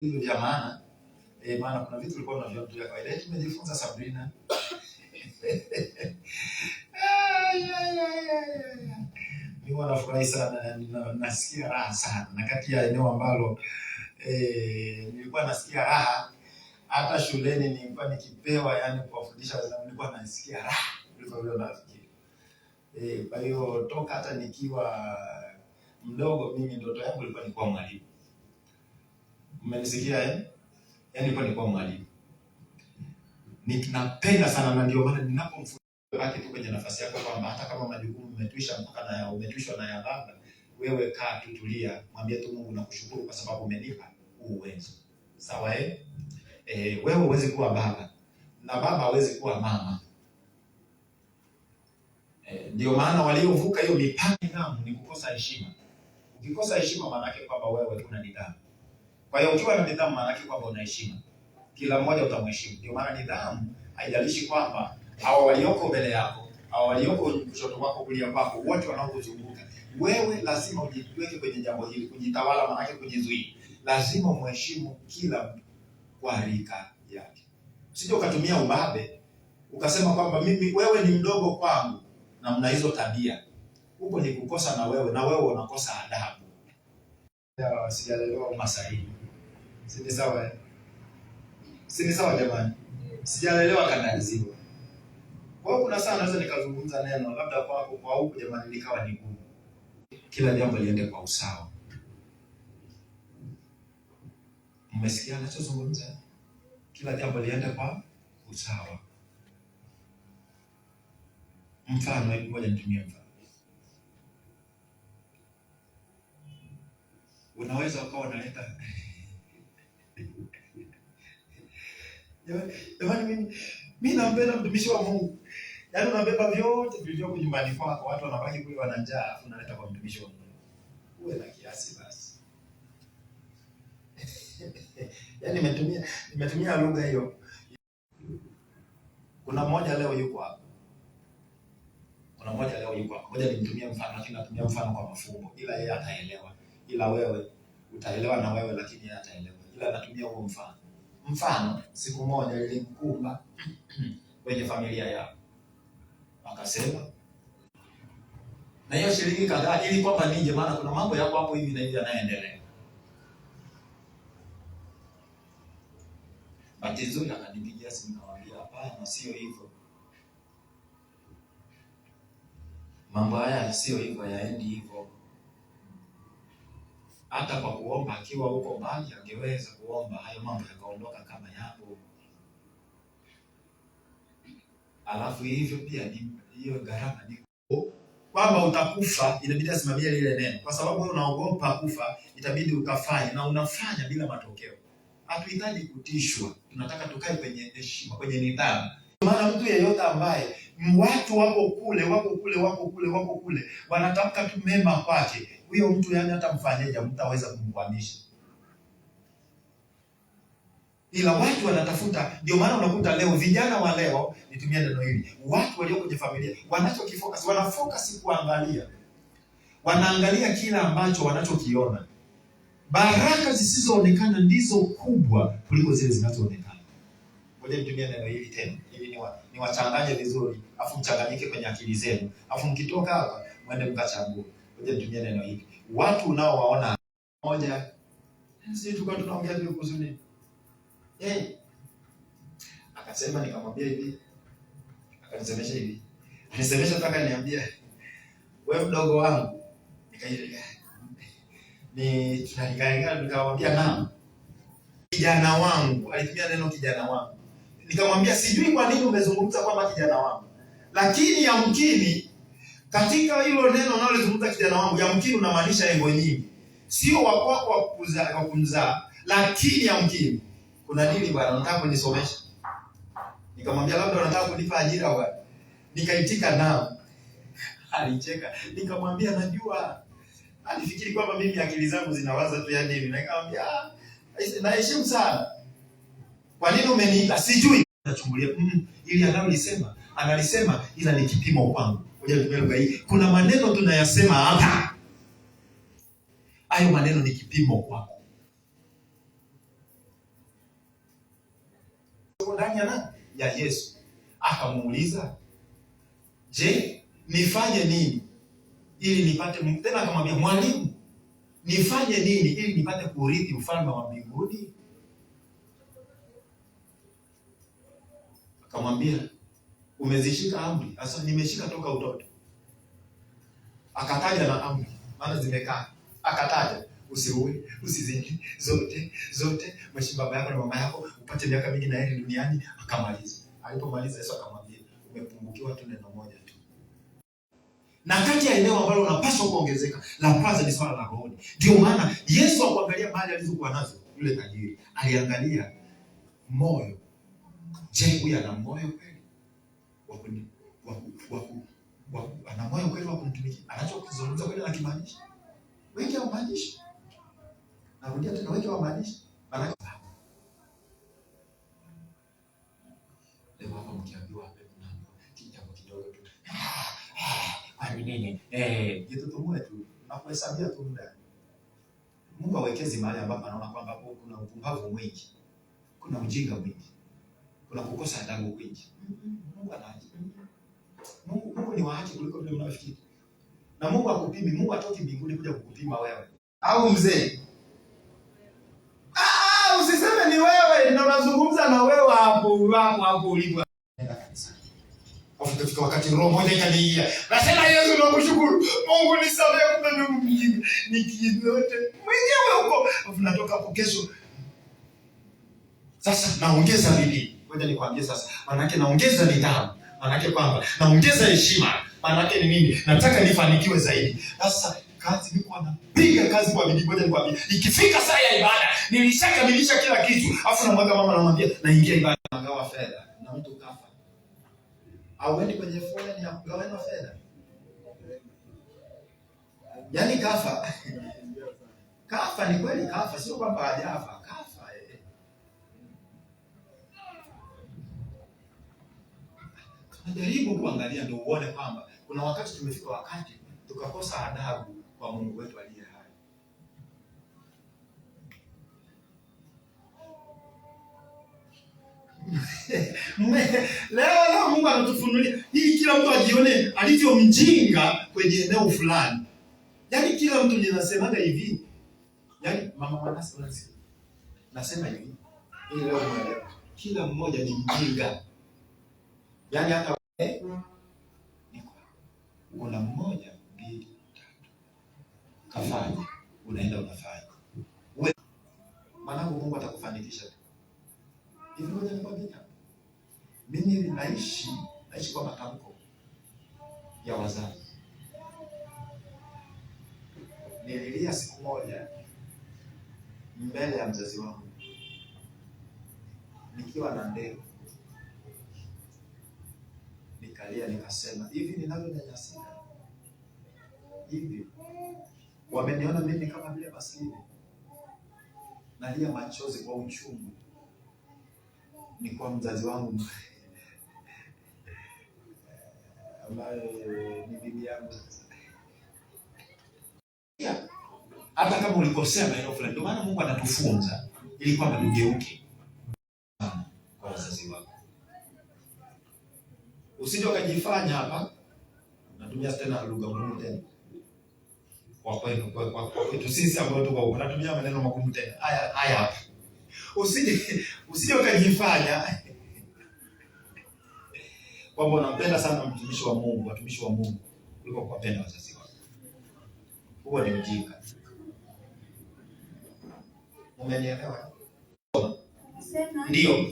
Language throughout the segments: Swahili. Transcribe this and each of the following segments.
Hivi vya maana eh, maana kuna vitu ulikuwa unavyo ya kawaida. Hii tumejifunza Sabrina. Ni wanafurahi sana na nasikia raha sana, na kati ya eneo ambalo eh, nilikuwa nasikia raha hata shuleni nilikuwa nikipewa, yani kuwafundisha wenzangu nilikuwa nasikia raha kuliko vile nafikiri. Eh, kwa hiyo toka hata nikiwa mdogo mimi ndoto yangu ilikuwa ni kuwa mwalimu umenisikia eh? Yaani kwa nilikuwa mwalimu. Ninapenda sana na ndio maana ninapomfunza baki tu kwenye nafasi yako kwamba hata kama majukumu umetwisha mpaka na umetwishwa na ya baba, wewe kaa tu, mwambie tu Mungu nakushukuru kwa sababu umenipa huu uwezo. Sawa eh? Eh, wewe huwezi kuwa baba na baba hawezi kuwa mama. Eh, ndio maana waliovuka hiyo mipaka nidhamu ni kukosa heshima. Ukikosa heshima, maana yake kwamba wewe huna nidhamu. Kwa hiyo ukiwa na nidhamu, maana yake kwamba unaheshima kila mmoja, utamheshimu. Ndio maana nidhamu haijalishi kwamba hawa walioko mbele yako, hawa walioko kushoto kwako, kulia kwako, wote wanaokuzunguka wewe, lazima ujiweke kwenye jambo hili, kujitawala, maana yake kujizuia. Lazima muheshimu kila mtu kwa rika yake, usije ukatumia ubabe ukasema kwamba mimi, wewe ni mdogo kwangu, na mna hizo tabia huko ni kukosa na wewe na wewe unakosa adabu. Sijalelewa Masaini. Si ni sawa eh? Si ni sawa jamani? Sijalelewa kanaliziwa. Kwa hiyo kuna saa naweza nikazungumza neno labda kwako kwa huku jamani likawa ni gumu. Kila jambo liende kwa usawa. Umesikia anachozungumza? Kila jambo liende kwa usawa. Mfano, hebu moja nitumie mfano. Unaweza ukawa unaleta Jamani, mimi nampenda mtumishi wa Mungu, yaani unabeba vyote vilivyo nyumbani kwako, watu wanabaki kule wana njaa, unaleta kwa mtumishi wa Mungu. Uwe na kiasi basi. Yaani nimetumia nimetumia lugha hiyo. Kuna mmoja leo yuko hapa. Kuna mmoja leo yuko hapa. Ngoja nimtumie mfano, lakini natumia mfano kwa mafumbo, ila yeye ataelewa, ila wewe utaelewa na wewe, lakini yeye ataelewa ila natumia huo mfano. Mfano, siku moja ilimkumba kwenye familia yao, akasema na hiyo shilingi kadhaa, ili kwamba nije, maana kuna mambo yako hapo hivi na hivi yanaendelea. Bahati nzuri akanipigia simu, nikamwambia hapana, sio hivyo, mambo haya sio hivyo, yaendi hivyo hata kwa kuomba akiwa huko mbali angeweza kuomba hayo mambo yakaondoka kama yapo. Alafu hivyo pia hiyo gharama ni kwamba utakufa, inabidi asimamie lile neno, kwa sababu wewe unaogopa kufa, itabidi ukafanye na unafanya bila matokeo. Hatuhitaji kutishwa, tunataka tukae kwenye heshima, kwenye nidhamu. Maana mtu yeyote ambaye watu wako kule, wako kule, wako kule, wako kule, wanatamka tu mema kwake huyo mtu yani hata mfanyeje mtaweza kumkwamisha. Ila watu wanatafuta, ndio maana unakuta leo vijana wa leo, nitumie neno hili, watu walio kwenye familia wanachokifocus, wanafocus kuangalia, wanaangalia kila ambacho wanachokiona. Baraka zisizoonekana ndizo kubwa kuliko zile zinazoonekana. Ngoja nitumie neno hili tena ili niwachanganye vizuri, afu mchanganyike kwenye akili zenu, afu mkitoka hapa mwende mkachambue nitumie neno hili, watu unaowaona moja, sisi tulikuwa tunaongea vile kuzuni hey. Akasema, nikamwambia hivi, akanisemesha hivi, anisemesha mpaka niambia wewe mdogo wangu, nikaile ni tunalingalingana, nikamwambia naam, kijana wangu. Alitumia neno kijana wangu, nikamwambia sijui kwa nini umezungumza kwamba kijana wangu, lakini yamkini katika hilo neno unalozungumza kijana wangu, yamkini unamaanisha engo nyingi, sio wa kwako wa kumzaa, lakini yamkini kuna dili bwana, unataka kunisomesha. Nikamwambia labda unataka kunipa ajira bwana, nikaitika nao, alicheka. Nikamwambia najua, alifikiri kwamba mimi akili zangu zinawaza tu ya dini. Nikamwambia ah, naheshimu sana, kwa nini umeniita? Sijui nachungulia mm, ili analisema analisema, ila ni kipimo kwangu kuna maneno tunayasema hapa, hayo maneno ni kipimo kwako ndani ya Yesu. Akamuuliza, je, nifanye nini ili nipate? Tena akamwambia, mwalimu, nifanye nini ili nipate kurithi ufalme wa mbinguni? Akamwambia umezishika amri. asa nimeshika toka utoto. Akataja na amri, maana zimekaa. Akataja usiue, usizini, zote zote, mwishi baba yako na mama yako, upate miaka mingi na heri duniani. Akamaliza. Alipomaliza Yesu akamwambia, umepungukiwa tu neno moja tu. Na kati ya eneo ambalo unapaswa kuongezeka la kwanza ni swala la rohoni. Ndio maana Yesu akuangalia mali alizokuwa nazo yule tajiri, aliangalia moyo. Je, huyu ana moyo kweli? ana moyo kweli wa kumtumikia, anachokizungumza kweli anakimaanisha. Wengi hawamaanishi. Narudia tena, wengi hawamaanishi. Maana leo hapa mkiambiwa kijambo kidogo tu, ah, ah, nini? Eh, tu tu muda. Mungu awekezi mahali ambapo anaona kwamba kuna upumbavu mwingi, kuna ujinga mwingi kuna kukosa adabu kwingi. Mm-hmm. Mungu anaje? Mungu Mungu ni waache kuliko vile mnafikiri. Na Mungu akupimi, Mungu atoki mbinguni kuja kukupima wewe. Au mzee? Ah, ah usiseme ni wewe ndio unazungumza na wewe hapo wapo hapo ulipo. Nenda kanisani. Afika wakati roho moja ikaniia. Nasema Yesu ndio nakushukuru. Mungu nisamehe kumbe Mungu mjibu. Nikiyote mwenyewe huko natoka hapo kesho. Sasa naongeza bidii. Ngoja nikwambie sasa, maanake naongeza nidhamu, maanake kwamba naongeza heshima, maanake ni nini? Nataka nifanikiwe zaidi. Sasa kazi niko anapiga kazi kwa bidii. Ngoja nikwambie, ikifika saa ya ibada nilishakamilisha kila kitu, afu namwaga mama, namwambia naingia ibada, nagawa fedha na mtu kafa, auendi kwenye foleni ya kugawana fedha, yaani kafa kafa. Ni kweli kafa, sio kwamba hajafa Jaribu kuangalia ndio uone kwamba kuna wakati tumefika wakati tukakosa adabu kwa Mungu wetu aliye hai. Leo leo Mungu anatufunulia hii, kila mtu ajione alivyo mjinga kwenye eneo fulani. Yaani kila mtu ninasemaga hivi, yaani mama Manase lazima nasema hivi, ili leo kila mmoja ni mjinga, yaani hata Eh, una mmoja mbili tatu, kafanya, unaenda unafanya. Wewe mwanangu, Mungu atakufanikisha tu. Hivi ngoja nikwambie, mimi naishi naishi kwa matamko ya wazazi. Nililia siku moja mbele ya mzazi wangu nikiwa na ndevu Nikalia nikasema, hivi ninavyonyanyasika hivi, wameniona mimi kama vile maskini. Nalia machozi kwa uchungu, ni kwa mzazi wangu ambaye ni bibi yangu. Hata kama ulikosea maeneo fulani, ndio maana Mungu anatufunza ili kwamba tugeuke. Usije ukajifanya hapa natumia tena lugha ngumu tena kwa kwenu kwa kwa kwetu sisi ambao tuko huko natumia maneno magumu tena. Haya haya hapa. Usije usije ukajifanya kwamba unampenda sana mtumishi wa Mungu, watumishi wa Mungu kuliko kuwapenda wazazi wako. Huo ni mjinga. Umenielewa? Ndio.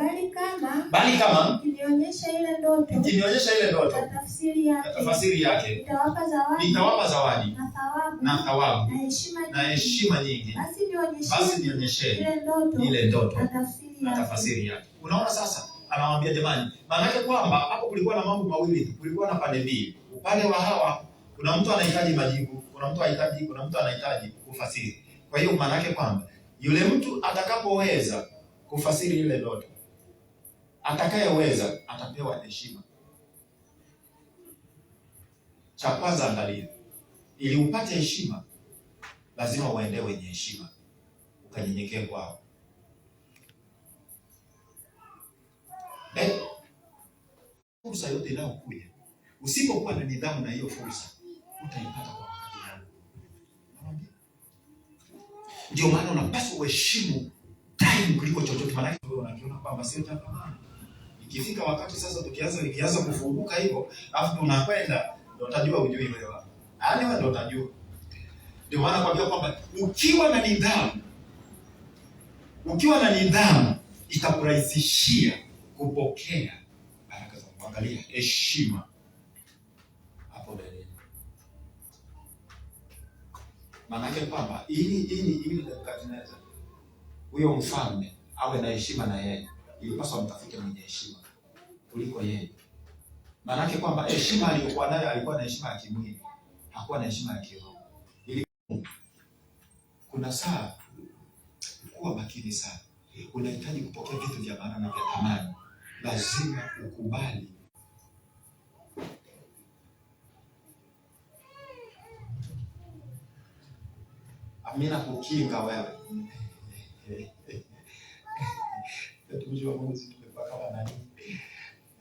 Bali kama bali kama ukinionyesha ile ndoto ukinionyesha ile ndoto na tafsiri yake na tafsiri yake nitawapa zawadi nitawapa zawadi na thawabu na thawabu na heshima na heshima nyingi. Basi nionyeshe basi nionyeshe ile ndoto ile ndoto na tafsiri yake na tafsiri yake. Unaona sasa, anawaambia jamani, maana yake kwamba hapo kulikuwa na mambo mawili, kulikuwa na pande mbili. Upande wa hawa kuna mtu anahitaji majibu, kuna mtu anahitaji, kuna mtu anahitaji kufasiri. Kwa hiyo maana yake kwamba yule mtu atakapoweza kufasiri ile ndoto Atakayeweza atapewa heshima. Cha kwanza, angalia, ili upate heshima lazima uende wenye heshima, ukanyenyekee kwao. Eh, fursa yote inayokuja, usipokuwa na nidhamu na hiyo fursa, utaipata kwa wakati. Ndio maana unapaswa uheshimu time kuliko chochote, maana unakiona kwamba sio cha thamani. Kifika wakati sasa tukianza nikianza kufunguka hivyo, alafu tunakwenda ndio utajua ujui wewe. Yaani wewe ndio utajua. Ndio maana kwambia kwamba ukiwa na nidhamu ukiwa na nidhamu itakurahisishia kupokea baraka za kuangalia heshima hapo Maana yake kwamba ili ili ili Nebukadneza huyo mfalme awe na heshima na yeye ilipaswa mtafute mwenye heshima kuliko yeye. Maana yake kwamba heshima aliyokuwa nayo alikuwa na heshima ya kimwili, hakuwa na heshima ya kiroho. Kuna saa kuwa makini sana, unahitaji kupokea vitu vya maana na vya thamani, lazima ukubali amina kukinga wewe Watumishi wa Mungu tumekuwa kama nani?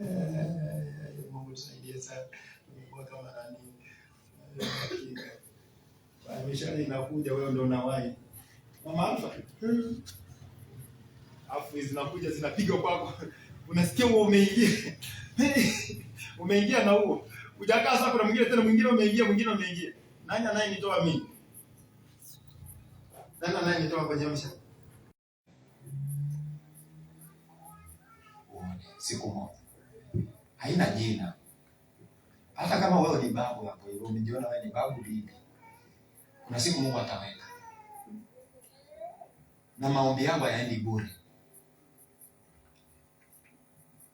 Eh, Mungu tusaidie sana. Tumekuwa kama nani? Eh, eh, Mishale inakuja, wewe ndio unawahi. Mama Alfa. Afu zinakuja zinapiga kwako. Unasikia wewe umeingia. Umeingia na huo. Ujakaa sasa kuna mwingine tena mwingine umeingia mwingine umeingia. Nani anayenitoa mimi? Nani anayenitoa kwenye mshale? siku moja. Haina jina. Hata kama wewe ni babu hapo hivyo umejiona wewe ni babu bibi. Kuna siku Mungu ataweka. Na maombi yangu hayaendi bure.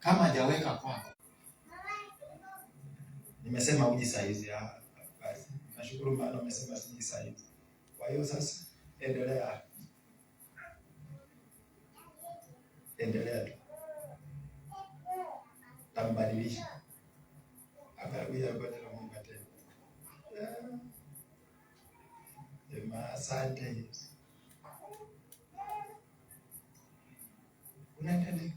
Kama hajaweka kwako. Nimesema uji saizi ya basi. Nashukuru maana umesema siji saizi. Kwa hiyo sasa endelea. Endelea tu ambadilisha, atakuja mbele na Mungu tena. Sema asante. Unaendelea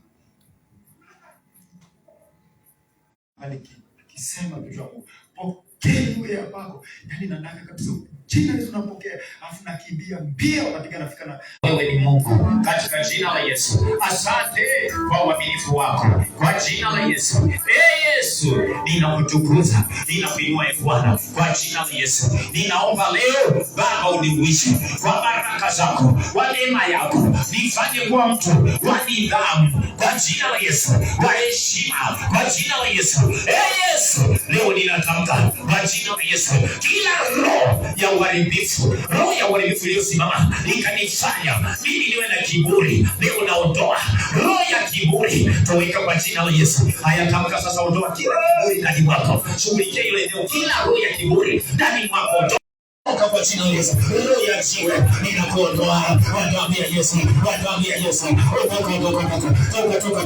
akisema yaani kitu chako, pokea hiyo yako, yaani nataka kabisa Jina Yesu nampokea, afu nakimbia mbio, napiga nafika na wewe. Ni Mungu katika jina la Yesu. Asante kwa uaminifu wako kwa jina la Yesu. Ee Yesu, ninakutukuza ninakuinua e Bwana kwa jina la Yesu. Ninaomba leo Baba unihuishe kwa baraka zako, kwa neema yako, nifanye kuwa mtu wa nidhamu kwa jina la Yesu, wa heshima kwa jina la Yesu. Ee Yesu, leo ninatamka kwa jina la Yesu kila roho ya uharibifu, roho ya uharibifu iliyosimama ikanifanya mimi niwe na kiburi, leo naondoa roho ya kiburi, toweka kwa jina la Yesu. Haya, tamka sasa, ondoa kila kiburi ndani mwako, shughulikia ile eneo, kila roho ya kiburi ndani mwako kwa jina la Yesu. Roho ya jiwe ninakuondoa. Wanaambia Yesu, wanaambia Yesu. Toka toka toka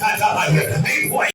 toka toka.